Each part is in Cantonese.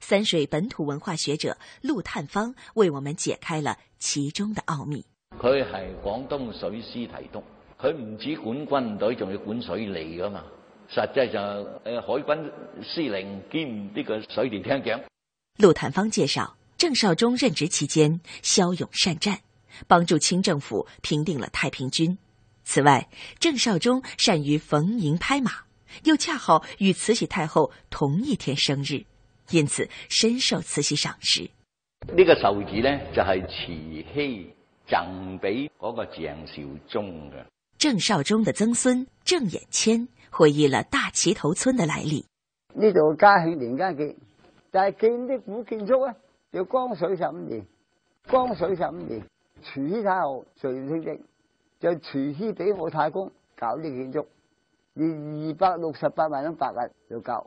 三水本土文化學者陸探芳為我們解開了其中的奧秘。佢係廣東水師提督，佢唔止管軍隊，仲要管水利噶嘛。實際上，海軍司令兼呢個水利廳長。陸探芳介紹，鄭紹忠任職期間驍勇善戰，幫助清政府平定了太平軍。此外，鄭紹忠善於逢迎拍馬，又恰好與慈禧太后同一天生日。因此，深受慈禧賞識。呢個壽字咧，就係慈禧贈俾嗰個江小中的鄭紹忠嘅。鄭紹忠嘅曾孫鄭衍謙，謙回憶了大旗頭村嘅來歷。呢座嘉慶年間，建，但係建啲古建築咧，就光緒十五年，光緒十五年，慈禧太后垂簾聽政，就慈禧俾我太公搞啲建築，以二百六十八萬蚊百日就夠。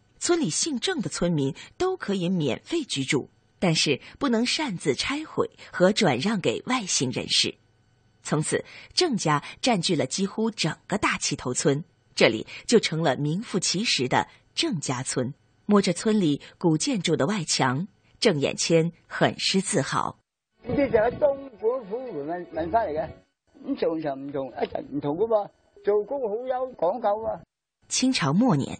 村裏姓鄭的村民都可以免費居住，但是不能擅自拆毀和轉讓給外姓人士。從此，鄭家占據了幾乎整個大旗頭村，這裏就成了名副其實的鄭家村。摸着村裏古建築的外牆，鄭眼謙很是自豪。你這就是東府府門門翻來嘅，咁做就唔同，一人唔同噶嘛，做工好有講究啊，清朝末年。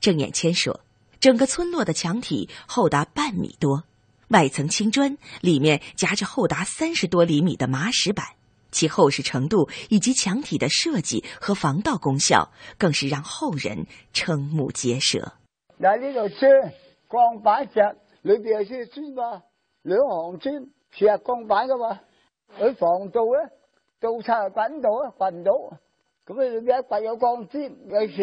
鄭眼謙說：“整個村落的牆體厚達半米多，外層青磚，裏面夾着厚達三十多厘米的麻石板，其厚實程度以及牆體的設計和防盜功效，更是讓後人瞠目結舌。那呢度磚鋼板石裏邊係磚磚嘛，兩行磚石鋼板噶嘛，佢防盜咧，做賊滾到啊，滾唔到，咁咧裏邊一塊有鋼磚嘅石？”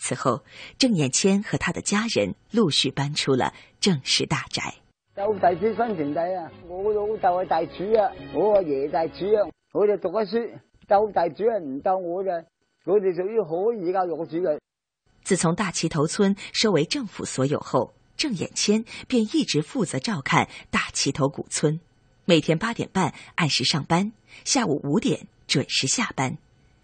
此後，鄭眼謙和他的家人陸續搬出了鄭氏大宅。鬥地主分田地啊，我老豆係地主啊，我阿爺地主啊，我就讀個書，鬥地主啊唔鬥我就，佢哋屬於可以教落主嘅。自從大旗頭村收為政府所有後，鄭眼謙便一直負責照看大旗頭古村，每天八點半按時上班，下午五點準時下班。